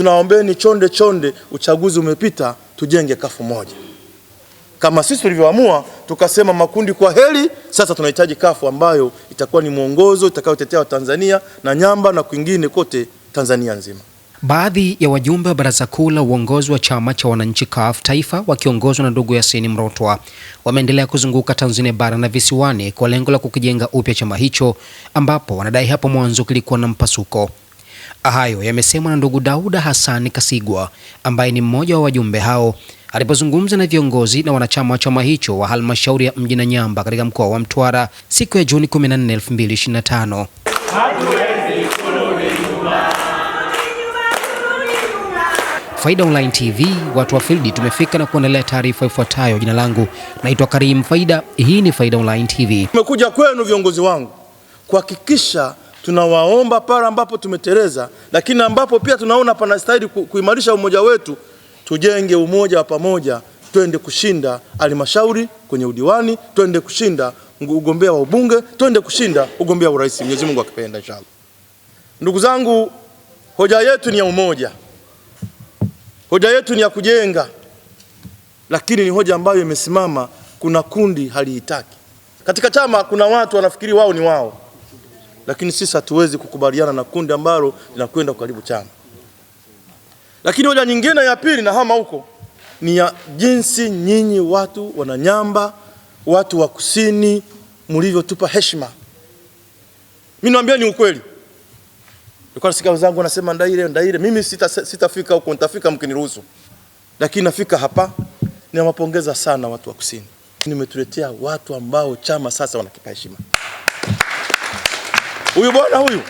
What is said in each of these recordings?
tunaombeni chonde chonde, uchaguzi umepita, tujenge kafu moja kama sisi tulivyoamua tukasema makundi kwa heri. Sasa tunahitaji kafu ambayo itakuwa ni mwongozo itakayotetea Watanzania na Nyamba na kwingine kote Tanzania nzima. Baadhi ya wajumbe wa baraza kuu la uongozi wa chama cha wananchi CUF Taifa wakiongozwa na ndugu Yasini Mrotwa wameendelea kuzunguka Tanzania bara na visiwani kwa lengo la kukijenga upya chama hicho, ambapo wanadai hapo mwanzo kilikuwa na mpasuko. Hayo yamesemwa na ndugu Dauda Hassan Kasigwa ambaye ni mmoja wa wajumbe hao alipozungumza na viongozi na wanachama wa chama hicho wa halmashauri ya mji Nanyamba katika mkoa wa Mtwara siku ya Juni 14, 2025. Faida Online TV, watu wa field, tumefika na kuendelea taarifa ifuatayo. Jina langu naitwa Karim Faida. Hii ni Faida Online TV. Tumekuja kwenu viongozi wangu kuhakikisha tunawaomba pale ambapo tumeteleza, lakini ambapo pia tunaona panastahili kuimarisha umoja wetu, tujenge umoja wa pamoja, twende kushinda halmashauri kwenye udiwani, twende kushinda ugombea wa ubunge, twende kushinda ugombea urais, Mwenyezi Mungu akipenda inshallah. Ndugu zangu, hoja yetu ni ya umoja, hoja yetu ni ya kujenga, lakini ni hoja ambayo imesimama. Kuna kundi haliitaki katika chama, kuna watu wanafikiri wao ni wao lakini sisi hatuwezi kukubaliana na kundi ambalo linakwenda kukaribu chama. Lakini hoja nyingine ya pili na hama huko ni ya jinsi nyinyi watu Wananyamba, watu wa kusini mlivyotupa heshima. Mimi naambia ni ukweli, nilikuwa nasikia wenzangu wanasema Ndaire, Ndaire. Mimi sita, sitafika huko, nitafika mkiniruhusu, lakini nafika hapa. Ninawapongeza sana watu wa kusini, nimetuletea watu ambao chama sasa wanakipa heshima huyu bwana huyu,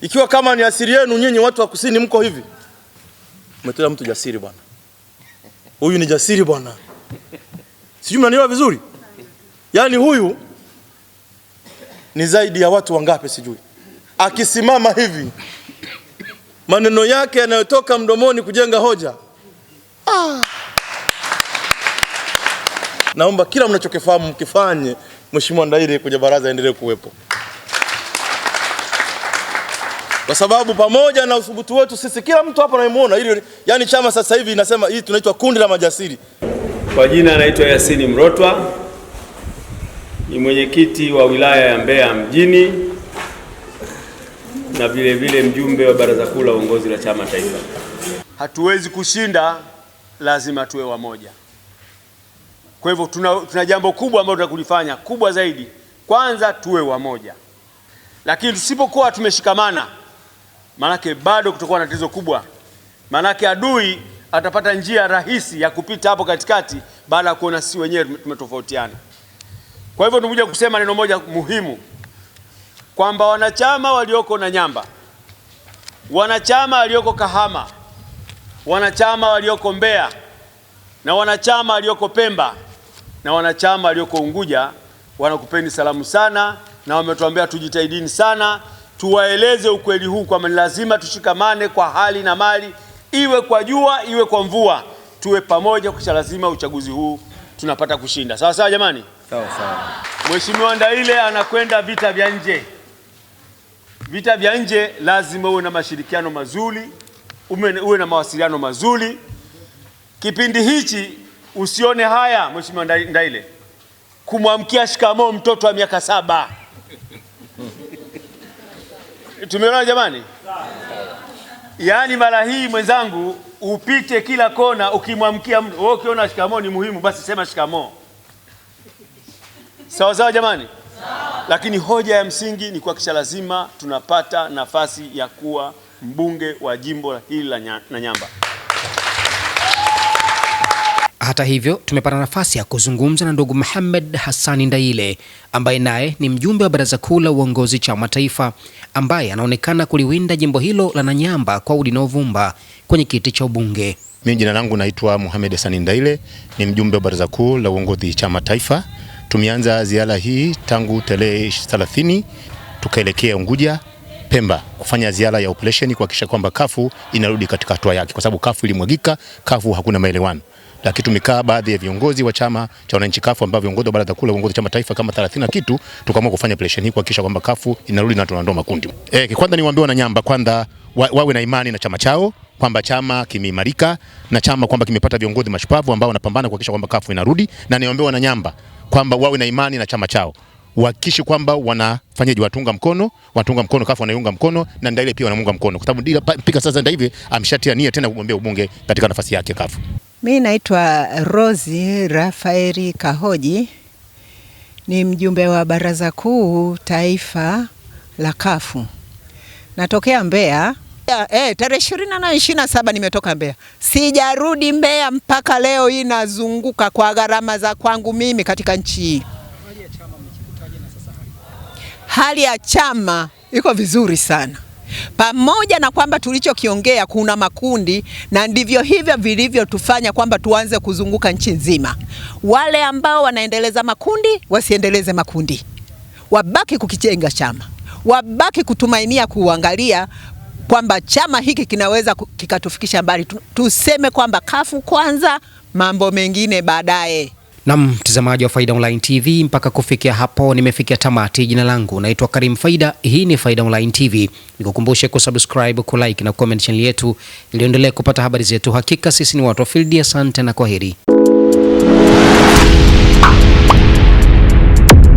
ikiwa kama ni asili yenu nyinyi watu wa kusini mko hivi, umetoa mtu jasiri bwana. Huyu ni jasiri bwana, sijui mnanielewa vizuri. Yaani huyu ni zaidi ya watu wangapi sijui, akisimama hivi maneno yake yanayotoka mdomoni kujenga hoja ah. Naomba kila mnachokifahamu mkifanye, Mheshimiwa Ndaire kwenye baraza endelee kuwepo kwa sababu pamoja na uthubutu wetu sisi, kila mtu hapa anayemwona ili, yani chama sasa hivi inasema hii tunaitwa kundi la majasiri. Kwa jina anaitwa Yasini Mrotwa, ni mwenyekiti wa wilaya ya Mbeya mjini na vile vile mjumbe wa baraza kuu la uongozi la chama taifa. Hatuwezi kushinda, lazima tuwe wamoja. Kwa hivyo tuna, tuna jambo kubwa ambalo tunakulifanya kubwa zaidi. Kwanza tuwe wamoja, lakini tusipokuwa tumeshikamana maanake bado kutakuwa na tatizo kubwa, maanake adui atapata njia rahisi ya kupita hapo katikati, baada ya kuona sisi wenyewe tumetofautiana. Kwa hivyo tumekuja kusema neno moja muhimu kwamba wanachama walioko Nanyamba, wanachama walioko Kahama, wanachama walioko Mbeya na wanachama walioko Pemba na wanachama walioko Unguja wanakupeni salamu sana na wametuambia tujitahidini sana tuwaeleze ukweli huu kwamba ni lazima tushikamane kwa hali na mali, iwe kwa jua iwe kwa mvua, tuwe pamoja, kisha lazima uchaguzi huu tunapata kushinda. Sawa sawa, jamani, sawa sawa. Mheshimiwa Ndaile anakwenda vita vya nje. Vita vya nje lazima uwe na mashirikiano mazuri, uwe na mawasiliano mazuri. Kipindi hichi usione haya, Mheshimiwa Ndaile, kumwamkia shikamoo mtoto wa miaka saba. Tumeona jamani, yaani mara hii mwenzangu, upite kila kona ukimwamkia mtu wewe, ukiona shikamoo ni muhimu, basi sema shikamoo. Sawa sawa jamani, sawa. Lakini hoja ya msingi ni kuhakikisha lazima tunapata nafasi ya kuwa mbunge wa jimbo hili la Nanyamba. Hata hivyo, tumepata nafasi ya kuzungumza na ndugu Mohamed Hassani Ndaile ambaye naye ni mjumbe wa Baraza Kuu la Uongozi Chama Taifa ambaye anaonekana kuliwinda jimbo hilo la Nanyamba kwa udi na uvumba kwenye kiti cha ubunge. Mimi jina langu naitwa Mohamed Hassani Ndaile, ni mjumbe wa Baraza Kuu la Uongozi Chama Taifa. Tumeanza ziara hii tangu tarehe 30 tukaelekea Unguja Pemba kufanya ziara ya operation kuhakikisha kwamba kafu inarudi katika hatua yake, kwa sababu kafu ilimwagika, kafu hakuna maelewano lakini tumekaa baadhi ya viongozi wa chama cha wananchi kafu ambao viongozi wa baraza kule viongozi uongozi chama taifa kama 30 na kitu, tukaamua kufanya operation hii kuhakikisha kwamba kafu inarudi na tunaondoa makundi. Eh, kwanza niwaambie wananyamba kwanza wawe na imani na chama chao kwamba chama kimeimarika na chama kwamba kimepata viongozi mashupavu ambao wanapambana kuhakikisha kwamba kafu inarudi, na niwaambie wananyamba kwamba wawe na imani na chama chao wakishi kwamba wanafanyaje, watunga mkono, watunga mkono kafu, wanaiunga mkono na Ndaile pia wanamunga mkono, kwa sababu mpika sasa Ndaile ameshatia nia tena kugombea ubunge katika nafasi yake kafu. Mi naitwa Rosi Rafaeli Kahoji, ni mjumbe wa Baraza Kuu Taifa la Kafu, natokea Mbeya. Eh, tarehe ishirini na nane ishirini na saba nimetoka Mbeya, sijarudi Mbeya mpaka leo hii, nazunguka kwa gharama za kwangu mimi katika nchi hii. Hali ya chama iko vizuri sana pamoja na kwamba tulichokiongea kuna makundi na ndivyo hivyo vilivyotufanya kwamba tuanze kuzunguka nchi nzima. Wale ambao wanaendeleza makundi wasiendeleze makundi, wabaki kukijenga chama, wabaki kutumainia kuangalia kwamba chama hiki kinaweza kikatufikisha mbali. Tuseme kwamba kafu kwanza, mambo mengine baadaye. Na mtazamaji wa Faida Online TV, mpaka kufikia hapo nimefikia tamati. Jina langu naitwa Karim Faida, hii ni Faida Online TV. Nikukumbushe kusubscribe, kulike na comment channel yetu ili uendelee kupata habari zetu. Hakika sisi ni watu wa field. Asante na kwaheri.